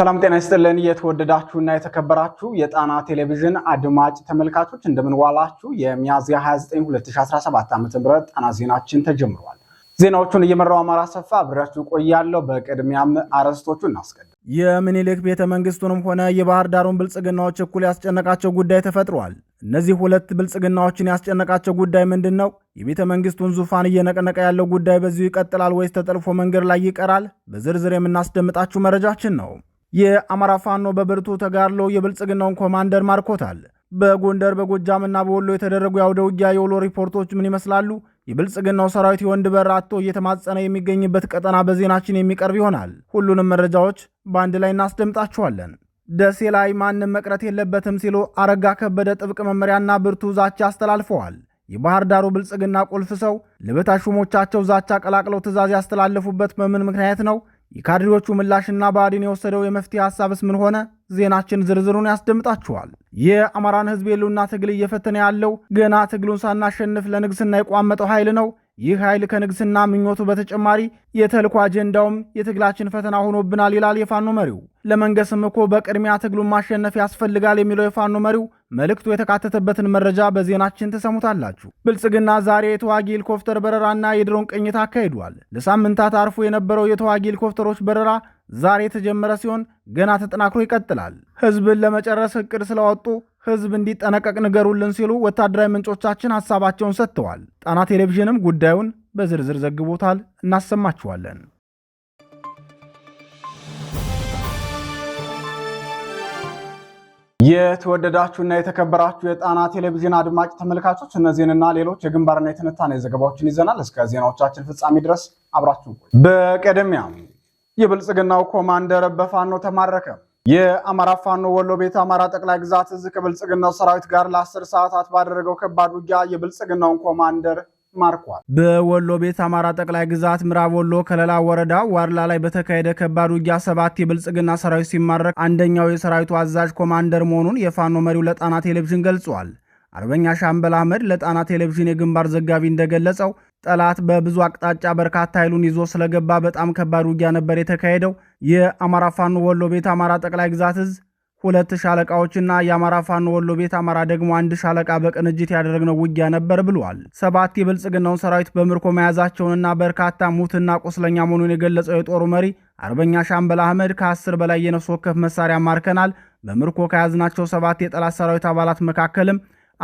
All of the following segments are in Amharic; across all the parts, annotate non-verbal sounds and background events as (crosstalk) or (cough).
ሰላም ጤና ይስጥልን። የተወደዳችሁና የተከበራችሁ የጣና ቴሌቪዥን አድማጭ ተመልካቾች እንደምንዋላችሁ። የሚያዝያ 29 2017 ዓ ም ጣና ዜናችን ተጀምሯል። ዜናዎቹን እየመራው አማራ ሰፋ አብሬያችሁ ቆያለሁ። በቅድሚያም አርዕስቶቹ እናስቀድም። የምኒልክ ቤተ መንግስቱንም ሆነ የባህር ዳሩን ብልጽግናዎች እኩል ያስጨነቃቸው ጉዳይ ተፈጥሯል። እነዚህ ሁለት ብልጽግናዎችን ያስጨነቃቸው ጉዳይ ምንድን ነው? የቤተ መንግስቱን ዙፋን እየነቀነቀ ያለው ጉዳይ በዚሁ ይቀጥላል ወይስ ተጠልፎ መንገድ ላይ ይቀራል? በዝርዝር የምናስደምጣችሁ መረጃችን ነው። የአማራ ፋኖ በብርቱ ተጋድሎ የብልጽግናውን ኮማንደር ማርኮታል። በጎንደር በጎጃም እና በወሎ የተደረጉ የአውደ ውጊያ የውሎ ሪፖርቶች ምን ይመስላሉ? የብልጽግናው ሰራዊት የወንድ በር አቶ እየተማጸነ የሚገኝበት ቀጠና በዜናችን የሚቀርብ ይሆናል። ሁሉንም መረጃዎች በአንድ ላይ እናስደምጣችኋለን። ደሴ ላይ ማንም መቅረት የለበትም ሲሉ አረጋ ከበደ ጥብቅ መመሪያና ብርቱ ዛቻ አስተላልፈዋል። የባህር ዳሩ ብልጽግና ቁልፍ ሰው ለበታች ሹሞቻቸው ዛቻ ቀላቅለው ትእዛዝ ያስተላለፉበት በምን ምክንያት ነው? የካድሬዎቹ ምላሽና ብአዴን የወሰደው የመፍትሄ ሀሳብስ ምን ሆነ? ዜናችን ዝርዝሩን ያስደምጣችኋል። የአማራን ህዝብ የሉና ትግል እየፈተነ ያለው ገና ትግሉን ሳናሸንፍ ለንግስና የቋመጠው ኃይል ነው። ይህ ኃይል ከንግስና ምኞቱ በተጨማሪ የተልኮ አጀንዳውም የትግላችን ፈተና ሆኖብናል ይላል የፋኖ መሪው። ለመንገስም እኮ በቅድሚያ ትግሉን ማሸነፍ ያስፈልጋል የሚለው የፋኖ መሪው መልእክቱ የተካተተበትን መረጃ በዜናችን ትሰሙታላችሁ። ብልጽግና ዛሬ የተዋጊ ሄሊኮፍተር በረራና የድሮን ቅኝት አካሂዷል። ለሳምንታት አርፎ የነበረው የተዋጊ ሄሊኮፍተሮች በረራ ዛሬ የተጀመረ ሲሆን ገና ተጠናክሮ ይቀጥላል። ህዝብን ለመጨረስ እቅድ ስለወጡ ህዝብ እንዲጠነቀቅ ንገሩልን ሲሉ ወታደራዊ ምንጮቻችን ሀሳባቸውን ሰጥተዋል። ጣና ቴሌቪዥንም ጉዳዩን በዝርዝር ዘግቦታል። እናሰማችኋለን። የተወደዳችሁና የተከበራችሁ የጣና ቴሌቪዥን አድማጭ ተመልካቾች እነዚህንና ሌሎች የግንባርና የትንታኔ ዘገባዎችን ይዘናል። እስከ ዜናዎቻችን ፍጻሜ ድረስ አብራችሁ ቆዩ። በቀደሚያ የብልጽግናው ኮማንደር በፋኖ ተማረከ። የአማራ ፋኖ ወሎ ቤት አማራ ጠቅላይ ግዛት እዝ ከብልጽግናው ሰራዊት ጋር ለአስር ሰዓታት ባደረገው ከባድ ውጊያ የብልጽግናውን ኮማንደር ማርኳል። በወሎ ቤት አማራ ጠቅላይ ግዛት ምዕራብ ወሎ ከለላ ወረዳ ዋድላ ላይ በተካሄደ ከባድ ውጊያ ሰባት የብልጽግና ሰራዊት ሲማረክ አንደኛው የሰራዊቱ አዛዥ ኮማንደር መሆኑን የፋኖ መሪው ለጣና ቴሌቪዥን ገልጿል። አርበኛ ሻምበል አህመድ ለጣና ቴሌቪዥን የግንባር ዘጋቢ እንደገለጸው ጠላት በብዙ አቅጣጫ በርካታ ኃይሉን ይዞ ስለገባ በጣም ከባድ ውጊያ ነበር የተካሄደው። የአማራ ፋኖ ወሎ ቤት አማራ ጠቅላይ ግዛት እዝ ሁለት ሻለቃዎችና የአማራ ፋኖ ወሎ ቤት አማራ ደግሞ አንድ ሻለቃ በቅንጅት ያደረግነው ውጊያ ነበር ብሏል። ሰባት የብልጽግናውን ሰራዊት በምርኮ መያዛቸውንና በርካታ ሙትና ቁስለኛ መሆኑን የገለጸው የጦሩ መሪ አርበኛ ሻምበል አህመድ ከአስር በላይ የነፍስ ወከፍ መሳሪያ ማርከናል፣ በምርኮ ከያዝናቸው ሰባት የጠላት ሰራዊት አባላት መካከልም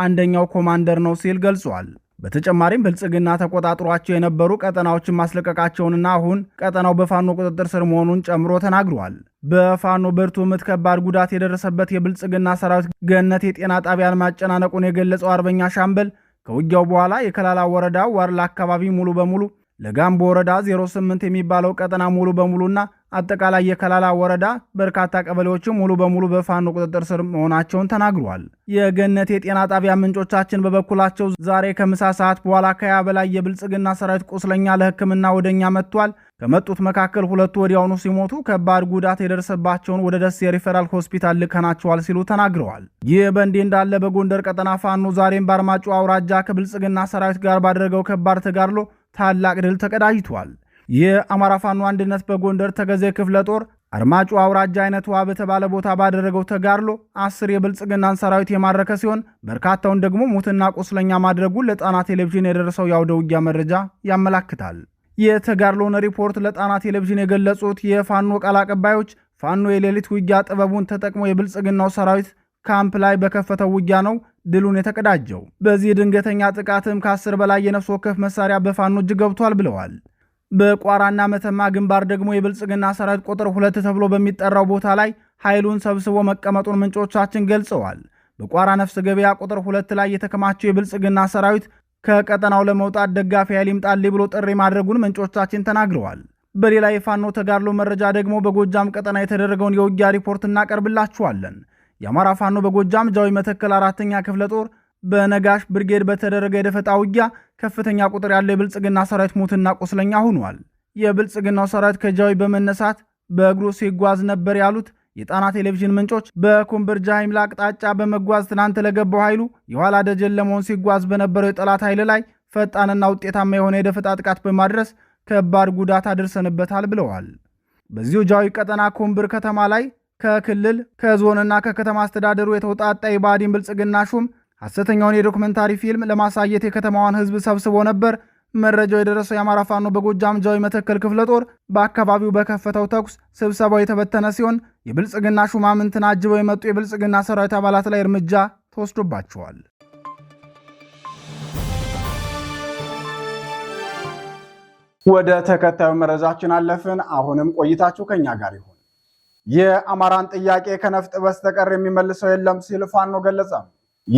አንደኛው ኮማንደር ነው ሲል ገልጿል። በተጨማሪም ብልጽግና ተቆጣጥሯቸው የነበሩ ቀጠናዎችን ማስለቀቃቸውንና አሁን ቀጠናው በፋኖ ቁጥጥር ስር መሆኑን ጨምሮ ተናግረዋል። በፋኖ ብርቱ ምት ከባድ ጉዳት የደረሰበት የብልጽግና ሰራዊት ገነት የጤና ጣቢያን ማጨናነቁን የገለጸው አርበኛ ሻምበል ከውጊያው በኋላ የከላላ ወረዳ ዋርላ አካባቢ ሙሉ በሙሉ ለጋምቦ ወረዳ 08 የሚባለው ቀጠና ሙሉ በሙሉና አጠቃላይ የከላላ ወረዳ በርካታ ቀበሌዎች ሙሉ በሙሉ በፋኖ ቁጥጥር ስር መሆናቸውን ተናግሯል። የገነት የጤና ጣቢያ ምንጮቻችን በበኩላቸው ዛሬ ከምሳ ሰዓት በኋላ ከያ በላይ የብልጽግና ሰራዊት ቁስለኛ ለሕክምና ወደኛ መጥቷል። ከመጡት መካከል ሁለቱ ወዲያውኑ ሲሞቱ፣ ከባድ ጉዳት የደረሰባቸውን ወደ ደሴ ሪፈራል ሆስፒታል ልከናቸዋል ሲሉ ተናግረዋል። ይህ በእንዲህ እንዳለ በጎንደር ቀጠና ፋኖ ዛሬም በአርማጩ አውራጃ ከብልጽግና ሰራዊት ጋር ባደረገው ከባድ ተጋድሎ ታላቅ ድል ተቀዳጅቷል። የአማራ ፋኖ አንድነት በጎንደር ተገዘ ክፍለ ጦር አርማጩ አውራጃ አይነት ውሃ በተባለ ቦታ ባደረገው ተጋድሎ አስር የብልጽግናን ሰራዊት የማረከ ሲሆን በርካታውን ደግሞ ሞትና ቁስለኛ ማድረጉን ለጣና ቴሌቪዥን የደረሰው የአውደ ውጊያ መረጃ ያመላክታል። የተጋድሎን ሪፖርት ለጣና ቴሌቪዥን የገለጹት የፋኖ ቃል አቀባዮች ፋኖ የሌሊት ውጊያ ጥበቡን ተጠቅሞ የብልጽግናው ሰራዊት ካምፕ ላይ በከፈተው ውጊያ ነው ድሉን የተቀዳጀው። በዚህ ድንገተኛ ጥቃትም ከአስር በላይ የነፍስ ወከፍ መሳሪያ በፋኖ እጅ ገብቷል ብለዋል። በቋራና መተማ ግንባር ደግሞ የብልጽግና ሰራዊት ቁጥር ሁለት ተብሎ በሚጠራው ቦታ ላይ ኃይሉን ሰብስቦ መቀመጡን ምንጮቻችን ገልጸዋል። በቋራ ነፍስ ገበያ ቁጥር ሁለት ላይ የተከማቸው የብልጽግና ሰራዊት ከቀጠናው ለመውጣት ደጋፊ ኃይል ይምጣልኝ ብሎ ጥሪ ማድረጉን ምንጮቻችን ተናግረዋል። በሌላ የፋኖ ተጋድሎ መረጃ ደግሞ በጎጃም ቀጠና የተደረገውን የውጊያ ሪፖርት እናቀርብላችኋለን። የአማራ ፋኖ በጎጃም ጃዊ መተከል አራተኛ ክፍለ ጦር በነጋሽ ብርጌድ በተደረገ የደፈጣ ውጊያ ከፍተኛ ቁጥር ያለው የብልጽግና ሰራዊት ሞትና ቁስለኛ ሆኗል። የብልጽግናው ሰራዊት ከጃዊ በመነሳት በእግሩ ሲጓዝ ነበር ያሉት የጣና ቴሌቪዥን ምንጮች በኮምቦልቻ ሂምላ አቅጣጫ በመጓዝ ትናንት ለገባው ኃይሉ የኋላ ደጀን ለመሆን ሲጓዝ በነበረው የጠላት ኃይል ላይ ፈጣንና ውጤታማ የሆነ የደፈጣ ጥቃት በማድረስ ከባድ ጉዳት አድርሰንበታል ብለዋል። በዚሁ ጃዊ ቀጠና ኮምብር ከተማ ላይ ከክልል ከዞንና ከከተማ አስተዳደሩ የተውጣጣ የባዲን ብልጽግና ሹም ሐሰተኛውን የዶክመንታሪ ፊልም ለማሳየት የከተማዋን ህዝብ ሰብስቦ ነበር። መረጃው የደረሰው የአማራ ፋኖ በጎጃም ጃዊ መተከል ክፍለ ጦር በአካባቢው በከፈተው ተኩስ ስብሰባው የተበተነ ሲሆን የብልጽግና ሹማምንትን አጅበው የመጡ የብልጽግና ሰራዊት አባላት ላይ እርምጃ ተወስዶባቸዋል። ወደ ተከታዩ መረጃችን አለፍን። አሁንም ቆይታችሁ ከኛ ጋር ይሁን። የአማራን ጥያቄ ከነፍጥ በስተቀር የሚመልሰው የለም ሲል ፋኖ ገለጸም።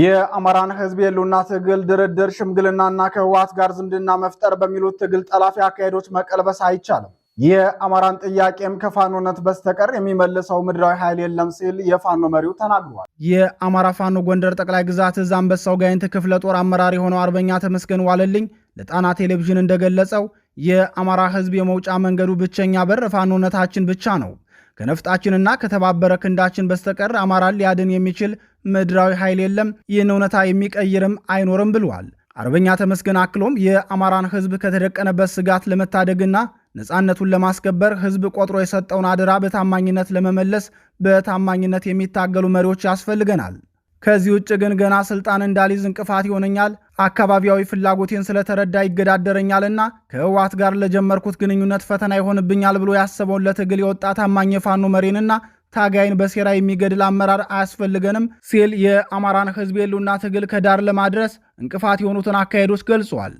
የአማራን ህዝብ የሉና ትግል ድርድር ሽምግልናና ከህወሓት ጋር ዝምድና መፍጠር በሚሉት ትግል ጠላፊ አካሄዶች መቀልበስ አይቻልም። የአማራን ጥያቄም ከፋኖነት በስተቀር የሚመልሰው ምድራዊ ኃይል የለም ሲል የፋኖ መሪው ተናግሯል። የአማራ ፋኖ ጎንደር ጠቅላይ ግዛት እዝ አንበሳው ጋይንት ክፍለ ጦር አመራር የሆነው አርበኛ ተመስገን ዋለልኝ ለጣና ቴሌቪዥን እንደገለጸው የአማራ ህዝብ የመውጫ መንገዱ ብቸኛ በር ፋኖነታችን ብቻ ነው። ከነፍጣችንና ከተባበረ ክንዳችን በስተቀር አማራን ሊያድን የሚችል ምድራዊ ኃይል የለም፣ ይህን እውነታ የሚቀይርም አይኖርም ብለዋል። አርበኛ ተመስገን አክሎም የአማራን ህዝብ ከተደቀነበት ስጋት ለመታደግና ነፃነቱን ለማስከበር ህዝብ ቆጥሮ የሰጠውን አደራ በታማኝነት ለመመለስ በታማኝነት የሚታገሉ መሪዎች ያስፈልገናል። ከዚህ ውጭ ግን ገና ስልጣን እንዳልይዝ እንቅፋት ይሆነኛል፣ አካባቢያዊ ፍላጎቴን ስለተረዳ ይገዳደረኛልና ከህወሓት ጋር ለጀመርኩት ግንኙነት ፈተና ይሆንብኛል ብሎ ያሰበውን ለትግል የወጣ ታማኝ የፋኖ መሪንና ታጋይን በሴራ የሚገድል አመራር አያስፈልገንም ሲል የአማራን ህዝብ የሉና ትግል ከዳር ለማድረስ እንቅፋት የሆኑትን አካሄዶች ገልጿል።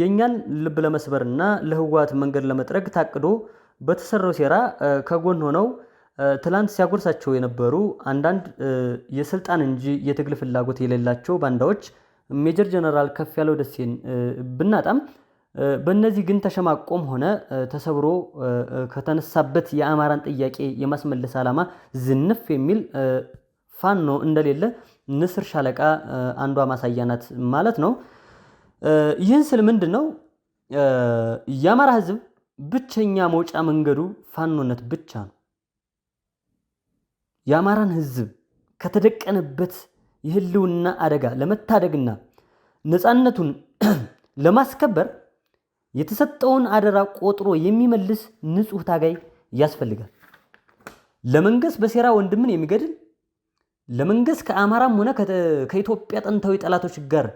የእኛን ልብ ለመስበርና ለህወሓት መንገድ ለመጥረግ ታቅዶ በተሰራው ሴራ ከጎን ሆነው ትላንት ሲያጎርሳቸው የነበሩ አንዳንድ የስልጣን እንጂ የትግል ፍላጎት የሌላቸው ባንዳዎች ሜጀር ጀነራል ከፍ ያለው ደሴን ብናጣም በእነዚህ ግን ተሸማቆም ሆነ ተሰብሮ ከተነሳበት የአማራን ጥያቄ የማስመለስ ዓላማ ዝንፍ የሚል ፋኖ እንደሌለ ንስር ሻለቃ አንዷ ማሳያ ናት ማለት ነው። ይህን ስል ምንድን ነው የአማራ ሕዝብ ብቸኛ መውጫ መንገዱ ፋኖነት ብቻ ነው። የአማራን ህዝብ ከተደቀነበት የህልውና አደጋ ለመታደግና ነፃነቱን (clears throat) ለማስከበር የተሰጠውን አደራ ቆጥሮ የሚመልስ ንጹህ ታጋይ ያስፈልጋል። ለመንገስ በሴራ ወንድምን የሚገድል ለመንገስ ከአማራም ሆነ ከኢትዮጵያ ጥንታዊ ጠላቶች ጋር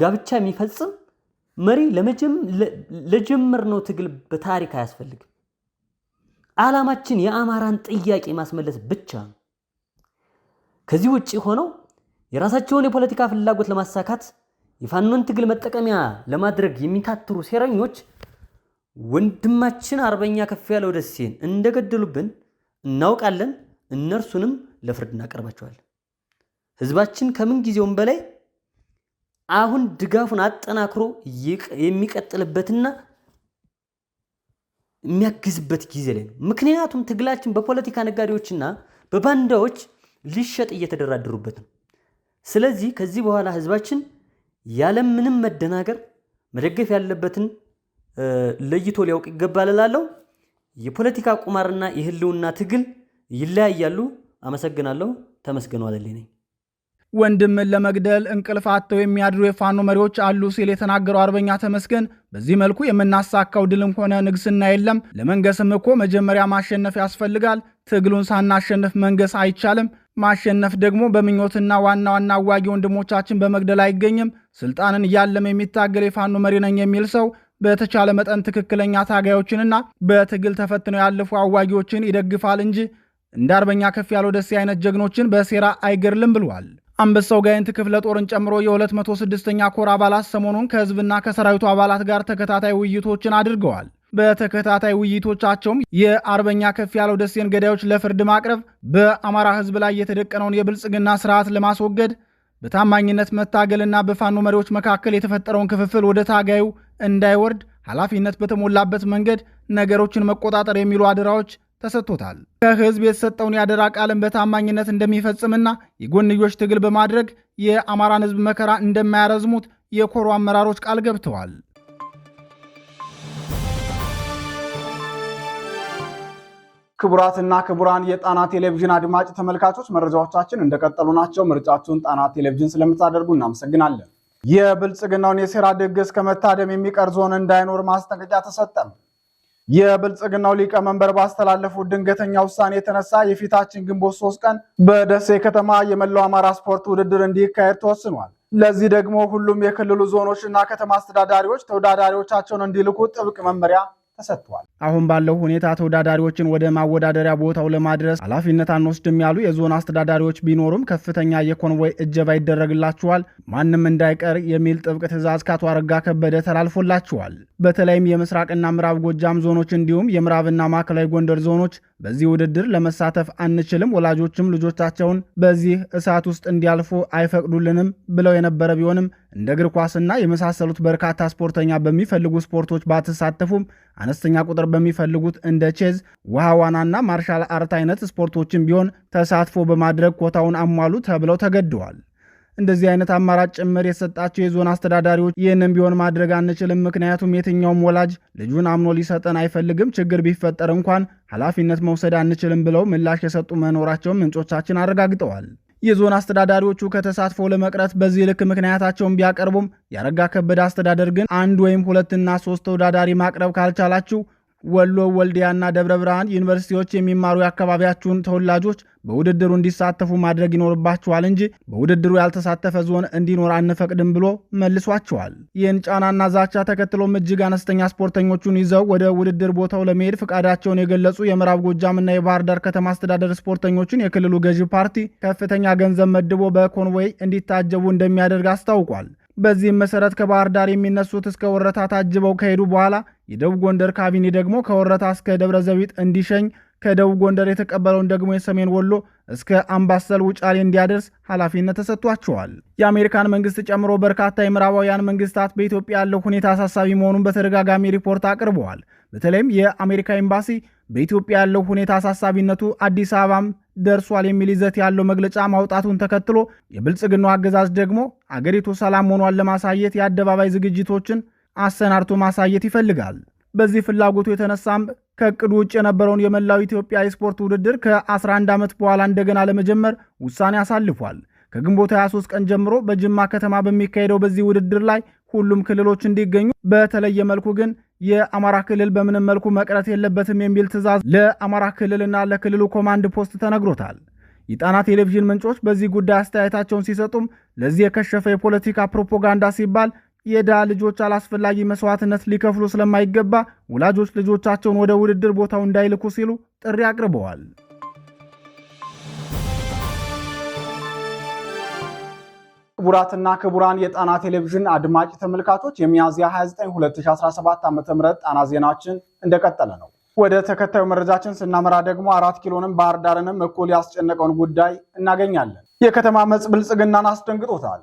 ጋብቻ የሚፈጽም መሪ ለጀመርነው ትግል በታሪክ አያስፈልግም። ዓላማችን የአማራን ጥያቄ ማስመለስ ብቻ ነው። ከዚህ ውጭ ሆነው የራሳቸውን የፖለቲካ ፍላጎት ለማሳካት የፋኖን ትግል መጠቀሚያ ለማድረግ የሚታትሩ ሴረኞች ወንድማችን አርበኛ ከፍ ያለው ደሴን እንደገደሉብን እናውቃለን። እነርሱንም ለፍርድ እናቀርባቸዋለን። ህዝባችን ከምን ጊዜውም በላይ አሁን ድጋፉን አጠናክሮ የሚቀጥልበትና የሚያግዝበት ጊዜ ላይ ነው። ምክንያቱም ትግላችን በፖለቲካ ነጋዴዎችና በባንዳዎች ሊሸጥ እየተደራደሩበት ነው። ስለዚህ ከዚህ በኋላ ህዝባችን ምንም መደናገር መደገፍ ያለበትን ለይቶ ሊያውቅ ይገባል እላለሁ። የፖለቲካ ቁማርና የህልውና ትግል ይለያያሉ። አመሰግናለሁ። ተመስገኗ አለልኝ ነኝ ወንድምን ለመግደል እንቅልፍ አጥተው የሚያድሩ የፋኖ መሪዎች አሉ ሲል የተናገረው አርበኛ ተመስገን በዚህ መልኩ የምናሳካው ድልም ሆነ ንግስና የለም። ለመንገስም እኮ መጀመሪያ ማሸነፍ ያስፈልጋል። ትግሉን ሳናሸንፍ መንገስ አይቻልም። ማሸነፍ ደግሞ በምኞትና ዋና ዋና አዋጊ ወንድሞቻችን በመግደል አይገኝም። ስልጣንን እያለም የሚታገል የፋኖ መሪ ነኝ የሚል ሰው በተቻለ መጠን ትክክለኛ ታጋዮችንና በትግል ተፈትነው ያለፉ አዋጊዎችን ይደግፋል እንጂ እንደ አርበኛ ከፍ ያለው ደሴ አይነት ጀግኖችን በሴራ አይገርልም ብሏል። አንበሳው ጋይንት ክፍለ ጦርን ጨምሮ የ206ኛ ኮር አባላት ሰሞኑን ከህዝብና ከሰራዊቱ አባላት ጋር ተከታታይ ውይይቶችን አድርገዋል። በተከታታይ ውይይቶቻቸውም የአርበኛ ከፍ ያለው ደሴን ገዳዮች ለፍርድ ማቅረብ፣ በአማራ ህዝብ ላይ የተደቀነውን የብልጽግና ስርዓት ለማስወገድ በታማኝነት መታገልና በፋኖ መሪዎች መካከል የተፈጠረውን ክፍፍል ወደ ታጋዩ እንዳይወርድ ኃላፊነት በተሞላበት መንገድ ነገሮችን መቆጣጠር የሚሉ አደራዎች ተሰጥቶታል። ከህዝብ የተሰጠውን የአደራ ቃልን በታማኝነት እንደሚፈጽምና የጎንዮሽ ትግል በማድረግ የአማራን ህዝብ መከራ እንደማያረዝሙት የኮሮ አመራሮች ቃል ገብተዋል። ክቡራትና ክቡራን የጣና ቴሌቪዥን አድማጭ ተመልካቾች መረጃዎቻችን እንደቀጠሉ ናቸው። ምርጫችሁን ጣና ቴሌቪዥን ስለምታደርጉ እናመሰግናለን። የብልጽግናውን የሴራ ድግስ ከመታደም የሚቀር ዞን እንዳይኖር ማስጠንቀቂያ ተሰጠም። የብልጽግናው ሊቀመንበር ባስተላለፉት ድንገተኛ ውሳኔ የተነሳ የፊታችን ግንቦት ሶስት ቀን በደሴ ከተማ የመላው አማራ ስፖርት ውድድር እንዲካሄድ ተወስኗል። ለዚህ ደግሞ ሁሉም የክልሉ ዞኖች እና ከተማ አስተዳዳሪዎች ተወዳዳሪዎቻቸውን እንዲልኩ ጥብቅ መመሪያ ተሰጥቷል። አሁን ባለው ሁኔታ ተወዳዳሪዎችን ወደ ማወዳደሪያ ቦታው ለማድረስ ኃላፊነት አንወስድም ያሉ የዞን አስተዳዳሪዎች ቢኖሩም ከፍተኛ የኮንቮይ እጀባ ይደረግላቸዋል። ማንም እንዳይቀር የሚል ጥብቅ ትዕዛዝ ከአቶ አረጋ ከበደ ተላልፎላቸዋል። በተለይም የምስራቅና ምዕራብ ጎጃም ዞኖች እንዲሁም የምዕራብና ማዕከላዊ ጎንደር ዞኖች በዚህ ውድድር ለመሳተፍ አንችልም፣ ወላጆችም ልጆቻቸውን በዚህ እሳት ውስጥ እንዲያልፉ አይፈቅዱልንም ብለው የነበረ ቢሆንም እንደ እግር ኳስና የመሳሰሉት በርካታ ስፖርተኛ በሚፈልጉ ስፖርቶች ባትሳተፉም አነስተኛ ቁጥር በሚፈልጉት እንደ ቼዝ፣ ውሃ ዋናና ማርሻል አርት አይነት ስፖርቶችን ቢሆን ተሳትፎ በማድረግ ኮታውን አሟሉ ተብለው ተገደዋል። እንደዚህ አይነት አማራጭ ጭምር የሰጣቸው የዞን አስተዳዳሪዎች ይህንም ቢሆን ማድረግ አንችልም፣ ምክንያቱም የትኛውም ወላጅ ልጁን አምኖ ሊሰጠን አይፈልግም፣ ችግር ቢፈጠር እንኳን ኃላፊነት መውሰድ አንችልም ብለው ምላሽ የሰጡ መኖራቸውን ምንጮቻችን አረጋግጠዋል። የዞን አስተዳዳሪዎቹ ከተሳትፎ ለመቅረት በዚህ ልክ ምክንያታቸውን ቢያቀርቡም የአረጋ ከበደ አስተዳደር ግን አንድ ወይም ሁለትና ሶስት ተወዳዳሪ ማቅረብ ካልቻላችሁ ወሎ፣ ወልዲያና ደብረ ብርሃን ዩኒቨርሲቲዎች የሚማሩ የአካባቢያችሁን ተወላጆች በውድድሩ እንዲሳተፉ ማድረግ ይኖርባችኋል እንጂ በውድድሩ ያልተሳተፈ ዞን እንዲኖር አንፈቅድም ብሎ መልሷቸዋል። ይህን ጫናና ዛቻ ተከትሎም እጅግ አነስተኛ ስፖርተኞቹን ይዘው ወደ ውድድር ቦታው ለመሄድ ፈቃዳቸውን የገለጹ የምዕራብ ጎጃምና የባህር ዳር ከተማ አስተዳደር ስፖርተኞችን የክልሉ ገዢ ፓርቲ ከፍተኛ ገንዘብ መድቦ በኮንቮይ እንዲታጀቡ እንደሚያደርግ አስታውቋል። በዚህም መሰረት ከባህር ዳር የሚነሱት እስከ ወረታ ታጅበው ከሄዱ በኋላ የደቡብ ጎንደር ካቢኔ ደግሞ ከወረታ እስከ ደብረ ዘቢጥ እንዲሸኝ ከደቡብ ጎንደር የተቀበለውን ደግሞ የሰሜን ወሎ እስከ አምባሰል ውጫሌ እንዲያደርስ ኃላፊነት ተሰጥቷቸዋል። የአሜሪካን መንግስት ጨምሮ በርካታ የምዕራባውያን መንግስታት በኢትዮጵያ ያለው ሁኔታ አሳሳቢ መሆኑን በተደጋጋሚ ሪፖርት አቅርበዋል። በተለይም የአሜሪካ ኤምባሲ በኢትዮጵያ ያለው ሁኔታ አሳሳቢነቱ አዲስ አበባም ደርሷል የሚል ይዘት ያለው መግለጫ ማውጣቱን ተከትሎ የብልጽግናው አገዛዝ ደግሞ አገሪቱ ሰላም መሆኗን ለማሳየት የአደባባይ ዝግጅቶችን አሰናድቶ ማሳየት ይፈልጋል። በዚህ ፍላጎቱ የተነሳም ከእቅዱ ውጭ የነበረውን የመላው ኢትዮጵያ የስፖርት ውድድር ከ11 ዓመት በኋላ እንደገና ለመጀመር ውሳኔ አሳልፏል። ከግንቦት 23 ቀን ጀምሮ በጅማ ከተማ በሚካሄደው በዚህ ውድድር ላይ ሁሉም ክልሎች እንዲገኙ፣ በተለየ መልኩ ግን የአማራ ክልል በምንም መልኩ መቅረት የለበትም የሚል ትዕዛዝ ለአማራ ክልልና ለክልሉ ኮማንድ ፖስት ተነግሮታል። የጣና ቴሌቪዥን ምንጮች በዚህ ጉዳይ አስተያየታቸውን ሲሰጡም ለዚህ የከሸፈ የፖለቲካ ፕሮፓጋንዳ ሲባል የዳ ልጆች አላስፈላጊ መስዋዕትነት ሊከፍሉ ስለማይገባ ወላጆች ልጆቻቸውን ወደ ውድድር ቦታው እንዳይልኩ ሲሉ ጥሪ አቅርበዋል። ክቡራትና ክቡራን የጣና ቴሌቪዥን አድማጭ ተመልካቾች የሚያዝያ 29 2017 ዓ ም ጣና ዜናችን እንደቀጠለ ነው። ወደ ተከታዩ መረጃችን ስናመራ ደግሞ አራት ኪሎንም ባህር ዳርንም እኩል ያስጨነቀውን ጉዳይ እናገኛለን። የከተማ መጽ ብልጽግናን አስደንግጦታል።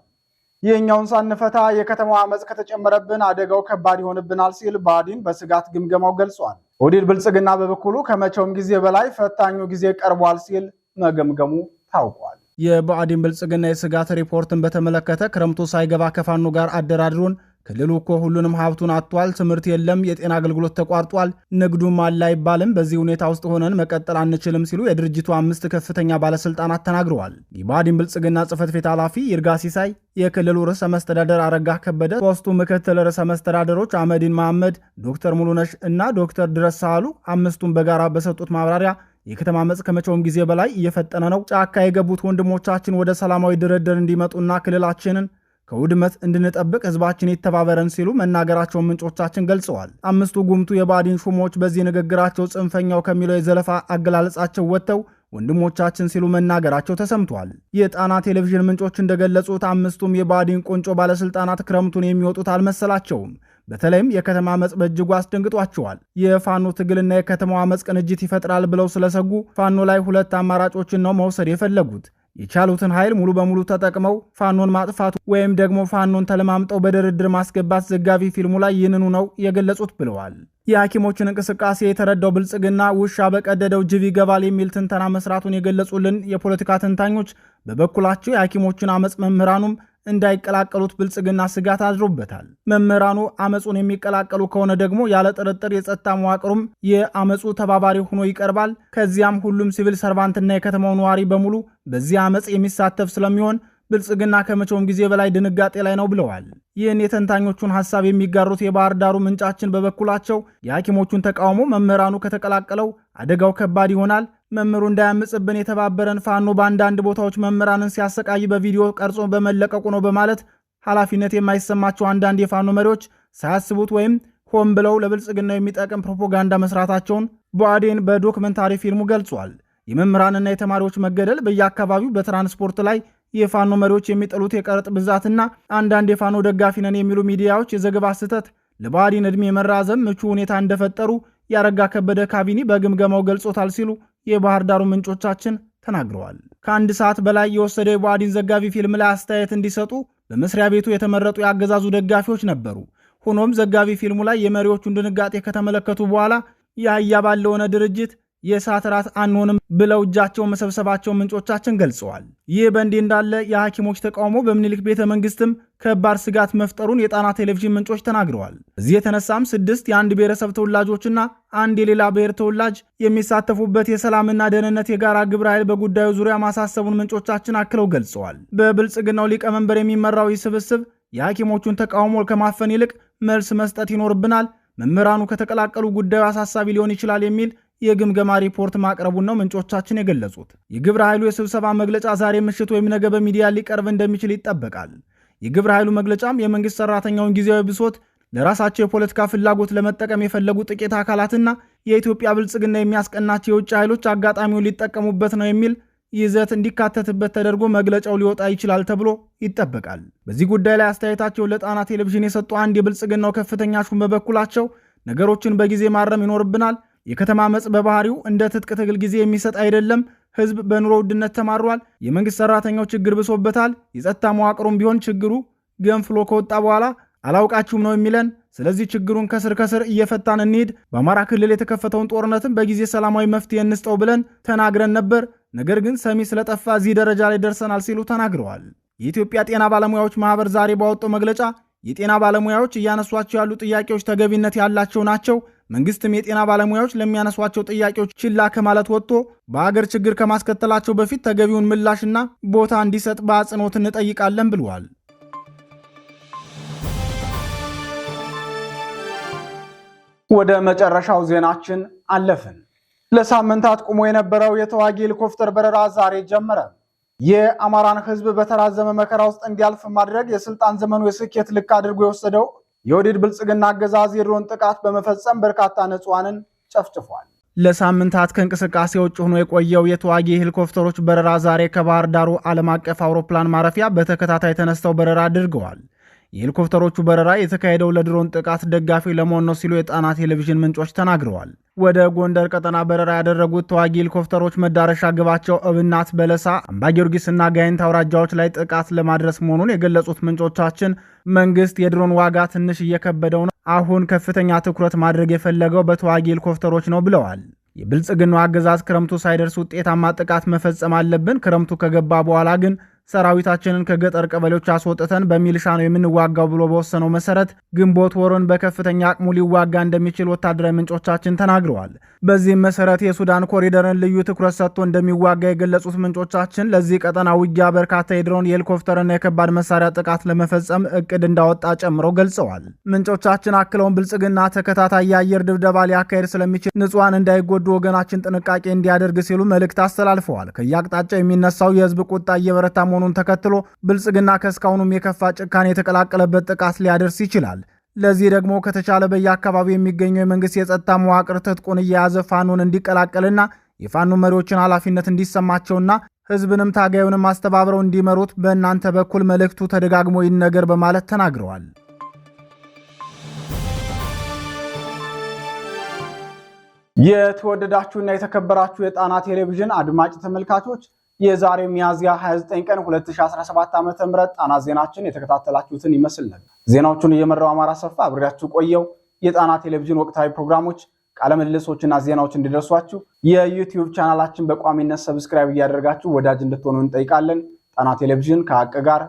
ይህኛውን ሳንፈታ የከተማዋ አመፅ ከተጨመረብን አደጋው ከባድ ይሆንብናል ሲል ብአዴን በስጋት ግምገማው ገልጿል። ኦዲድ ብልጽግና በበኩሉ ከመቼውም ጊዜ በላይ ፈታኙ ጊዜ ቀርቧል ሲል መገምገሙ ታውቋል። የብአዴን ብልጽግና የስጋት ሪፖርትን በተመለከተ ክረምቱ ሳይገባ ከፋኖ ጋር አደራድሩን ክልሉ እኮ ሁሉንም ሀብቱን አጥቷል። ትምህርት የለም፣ የጤና አገልግሎት ተቋርጧል፣ ንግዱም አለ አይባልም። በዚህ ሁኔታ ውስጥ ሆነን መቀጠል አንችልም ሲሉ የድርጅቱ አምስት ከፍተኛ ባለስልጣናት ተናግረዋል። የባዲን ብልጽግና ጽህፈት ቤት ኃላፊ ይርጋ ሲሳይ፣ የክልሉ ርዕሰ መስተዳደር አረጋ ከበደ፣ ሶስቱ ምክትል ርዕሰ መስተዳደሮች አህመዲን መሐመድ፣ ዶክተር ሙሉነሽ እና ዶክተር ድረስ ሳህሉ አምስቱን በጋራ በሰጡት ማብራሪያ የከተማ መጽ ከመቼውም ጊዜ በላይ እየፈጠነ ነው። ጫካ የገቡት ወንድሞቻችን ወደ ሰላማዊ ድርድር እንዲመጡና ክልላችንን ከውድመት እንድንጠብቅ ህዝባችን የተባበረን ሲሉ መናገራቸውን ምንጮቻችን ገልጸዋል። አምስቱ ጉምቱ የባዲን ሹሞች በዚህ ንግግራቸው ጽንፈኛው ከሚለው የዘለፋ አገላለጻቸው ወጥተው ወንድሞቻችን ሲሉ መናገራቸው ተሰምቷል። የጣና ቴሌቪዥን ምንጮች እንደገለጹት አምስቱም የባዲን ቁንጮ ባለስልጣናት ክረምቱን የሚወጡት አልመሰላቸውም። በተለይም የከተማ አመፅ በእጅጉ አስደንግጧቸዋል። የፋኖ ትግልና የከተማው አመፅ ቅንጅት ይፈጥራል ብለው ስለሰጉ ፋኖ ላይ ሁለት አማራጮችን ነው መውሰድ የፈለጉት። የቻሉትን ኃይል ሙሉ በሙሉ ተጠቅመው ፋኖን ማጥፋት ወይም ደግሞ ፋኖን ተለማምጠው በድርድር ማስገባት ዘጋቢ ፊልሙ ላይ ይህንኑ ነው የገለጹት ብለዋል። የሐኪሞችን እንቅስቃሴ የተረዳው ብልጽግና ውሻ በቀደደው ጅብ ይገባል የሚል ትንተና መስራቱን የገለጹልን የፖለቲካ ተንታኞች በበኩላቸው የሐኪሞችን አመፅ መምህራኑም እንዳይቀላቀሉት ብልጽግና ስጋት አድሮበታል። መምህራኑ አመፁን የሚቀላቀሉ ከሆነ ደግሞ ያለ ጥርጥር የጸጥታ መዋቅሩም የአመፁ ተባባሪ ሆኖ ይቀርባል። ከዚያም ሁሉም ሲቪል ሰርቫንትና የከተማው ነዋሪ በሙሉ በዚህ ዓመፅ የሚሳተፍ ስለሚሆን ብልጽግና ከመቼውም ጊዜ በላይ ድንጋጤ ላይ ነው ብለዋል። ይህን የተንታኞቹን ሐሳብ የሚጋሩት የባህር ዳሩ ምንጫችን በበኩላቸው የሐኪሞቹን ተቃውሞ መምህራኑ ከተቀላቀለው አደጋው ከባድ ይሆናል። መምህሩ እንዳያምፅብን የተባበረን ፋኖ በአንዳንድ ቦታዎች መምህራንን ሲያሰቃይ በቪዲዮ ቀርጾ በመለቀቁ ነው በማለት ኃላፊነት የማይሰማቸው አንዳንድ የፋኖ መሪዎች ሳያስቡት ወይም ሆን ብለው ለብልጽግና የሚጠቅም ፕሮፓጋንዳ መስራታቸውን ብአዴን በዶክመንታሪ ፊልሙ ገልጿል። የመምህራንና የተማሪዎች መገደል በየአካባቢው በትራንስፖርት ላይ የፋኖ መሪዎች የሚጠሉት የቀረጥ ብዛትና አንዳንድ የፋኖ ደጋፊ ነን የሚሉ ሚዲያዎች የዘገባ ስህተት ለባህዲን ዕድሜ መራዘም ምቹ ሁኔታ እንደፈጠሩ ያረጋ ከበደ ካቢኔ በግምገማው ገልጾታል ሲሉ የባህር ዳሩ ምንጮቻችን ተናግረዋል። ከአንድ ሰዓት በላይ የወሰደው የባህዲን ዘጋቢ ፊልም ላይ አስተያየት እንዲሰጡ በመስሪያ ቤቱ የተመረጡ የአገዛዙ ደጋፊዎች ነበሩ። ሆኖም ዘጋቢ ፊልሙ ላይ የመሪዎቹን ድንጋጤ ከተመለከቱ በኋላ የአህያ ባለሆነ ድርጅት የእሳት ራት አንሆንም ብለው እጃቸውን መሰብሰባቸው ምንጮቻችን ገልጸዋል። ይህ በእንዲህ እንዳለ የሐኪሞች ተቃውሞ በምኒልክ ቤተ መንግስትም ከባድ ስጋት መፍጠሩን የጣና ቴሌቪዥን ምንጮች ተናግረዋል። እዚህ የተነሳም ስድስት የአንድ ብሔረሰብ ተወላጆችና አንድ የሌላ ብሔር ተወላጅ የሚሳተፉበት የሰላምና ደህንነት የጋራ ግብረ ኃይል በጉዳዩ ዙሪያ ማሳሰቡን ምንጮቻችን አክለው ገልጸዋል። በብልጽግናው ሊቀመንበር የሚመራው ይህ ስብስብ የሐኪሞቹን ተቃውሞ ከማፈን ይልቅ መልስ መስጠት ይኖርብናል፣ መምህራኑ ከተቀላቀሉ ጉዳዩ አሳሳቢ ሊሆን ይችላል የሚል የግምገማ ሪፖርት ማቅረቡን ነው ምንጮቻችን የገለጹት። የግብረ ኃይሉ የስብሰባ መግለጫ ዛሬ ምሽት ወይም ነገ በሚዲያ ሊቀርብ እንደሚችል ይጠበቃል። የግብረ ኃይሉ መግለጫም የመንግስት ሰራተኛውን ጊዜያዊ ብሶት ለራሳቸው የፖለቲካ ፍላጎት ለመጠቀም የፈለጉ ጥቂት አካላትና የኢትዮጵያ ብልጽግና የሚያስቀናቸው የውጭ ኃይሎች አጋጣሚውን ሊጠቀሙበት ነው የሚል ይዘት እንዲካተትበት ተደርጎ መግለጫው ሊወጣ ይችላል ተብሎ ይጠበቃል። በዚህ ጉዳይ ላይ አስተያየታቸውን ለጣና ቴሌቪዥን የሰጡ አንድ የብልጽግናው ከፍተኛ ሹም በበኩላቸው ነገሮችን በጊዜ ማረም ይኖርብናል የከተማ አመፅ በባህሪው እንደ ትጥቅ ትግል ጊዜ የሚሰጥ አይደለም። ህዝብ በኑሮ ውድነት ተማሯል። የመንግስት ሰራተኛው ችግር ብሶበታል። የጸጥታ መዋቅሩም ቢሆን ችግሩ ገንፍሎ ከወጣ በኋላ አላውቃችሁም ነው የሚለን። ስለዚህ ችግሩን ከስር ከስር እየፈታን እንሂድ፣ በአማራ ክልል የተከፈተውን ጦርነትም በጊዜ ሰላማዊ መፍትሄ እንስጠው ብለን ተናግረን ነበር። ነገር ግን ሰሚ ስለጠፋ እዚህ ደረጃ ላይ ደርሰናል ሲሉ ተናግረዋል። የኢትዮጵያ ጤና ባለሙያዎች ማህበር ዛሬ ባወጣው መግለጫ የጤና ባለሙያዎች እያነሷቸው ያሉ ጥያቄዎች ተገቢነት ያላቸው ናቸው። መንግስትም የጤና ባለሙያዎች ለሚያነሷቸው ጥያቄዎች ችላ ከማለት ወጥቶ በአገር ችግር ከማስከተላቸው በፊት ተገቢውን ምላሽና ቦታ እንዲሰጥ በአጽንኦት እንጠይቃለን ብለዋል። ወደ መጨረሻው ዜናችን አለፍን። ለሳምንታት ቁሞ የነበረው የተዋጊ ሄሊኮፕተር በረራ ዛሬ ጀመረ። የአማራን ህዝብ በተራዘመ መከራ ውስጥ እንዲያልፍ ማድረግ የስልጣን ዘመኑ የስኬት ልክ አድርጎ የወሰደው የወዲድ ብልጽግና አገዛዝ የድሮን ጥቃት በመፈጸም በርካታ ንጹሐንን ጨፍጭፏል። ለሳምንታት ከእንቅስቃሴ ውጭ ሆኖ የቆየው የተዋጊ ሄሊኮፕተሮች በረራ ዛሬ ከባህር ዳሩ ዓለም አቀፍ አውሮፕላን ማረፊያ በተከታታይ ተነስተው በረራ አድርገዋል። የሄሊኮፕተሮቹ በረራ የተካሄደው ለድሮን ጥቃት ደጋፊ ለመሆን ነው ሲሉ የጣና ቴሌቪዥን ምንጮች ተናግረዋል። ወደ ጎንደር ቀጠና በረራ ያደረጉት ተዋጊ ሄሊኮፕተሮች መዳረሻ ግባቸው እብናት በለሳ፣ አምባ ጊዮርጊስና ጋይንት አውራጃዎች ላይ ጥቃት ለማድረስ መሆኑን የገለጹት ምንጮቻችን መንግስት የድሮን ዋጋ ትንሽ እየከበደው ነው፣ አሁን ከፍተኛ ትኩረት ማድረግ የፈለገው በተዋጊ ሄሊኮፕተሮች ነው ብለዋል። የብልጽግናው አገዛዝ ክረምቱ ሳይደርስ ውጤታማ ጥቃት መፈጸም አለብን፣ ክረምቱ ከገባ በኋላ ግን ሰራዊታችንን ከገጠር ቀበሌዎች አስወጥተን በሚልሻ ነው የምንዋጋው ብሎ በወሰነው መሰረት ግንቦት ወርን በከፍተኛ አቅሙ ሊዋጋ እንደሚችል ወታደራዊ ምንጮቻችን ተናግረዋል። በዚህም መሰረት የሱዳን ኮሪደርን ልዩ ትኩረት ሰጥቶ እንደሚዋጋ የገለጹት ምንጮቻችን ለዚህ ቀጠና ውጊያ በርካታ የድሮን የሄሊኮፕተርና የከባድ መሳሪያ ጥቃት ለመፈጸም እቅድ እንዳወጣ ጨምረው ገልጸዋል። ምንጮቻችን አክለውን ብልጽግና ተከታታይ የአየር ድብደባ ሊያካሄድ ስለሚችል ንጹሐን እንዳይጎዱ ወገናችን ጥንቃቄ እንዲያደርግ ሲሉ መልእክት አስተላልፈዋል። ከየአቅጣጫ የሚነሳው የህዝብ ቁጣ እየበረታ መሆኑን ተከትሎ ብልጽግና ከእስካሁኑም የከፋ ጭካኔ የተቀላቀለበት ጥቃት ሊያደርስ ይችላል። ለዚህ ደግሞ ከተቻለ በየአካባቢው የሚገኘው የመንግስት የጸጥታ መዋቅር ትጥቁን እየያዘ ፋኖን እንዲቀላቀልና የፋኖ መሪዎችን ኃላፊነት እንዲሰማቸውና ህዝብንም ታጋዩንም አስተባብረው እንዲመሩት በእናንተ በኩል መልእክቱ ተደጋግሞ ይነገር በማለት ተናግረዋል። የተወደዳችሁና የተከበራችሁ የጣና ቴሌቪዥን አድማጭ ተመልካቾች የዛሬ ሚያዝያ 29 ቀን 2017 ዓ.ም ጣና ዜናችን የተከታተላችሁትን ይመስል ነበር። ዜናዎቹን እየመራው አማራ ሰፋ አብሬያችሁ ቆየው። የጣና ቴሌቪዥን ወቅታዊ ፕሮግራሞች፣ ቃለምልልሶችና ዜናዎች እንዲደርሷችሁ የዩቲዩብ ቻናላችን በቋሚነት ሰብስክራይብ እያደረጋችሁ ወዳጅ እንድትሆኑ እንጠይቃለን። ጣና ቴሌቪዥን ከሀቅ ጋር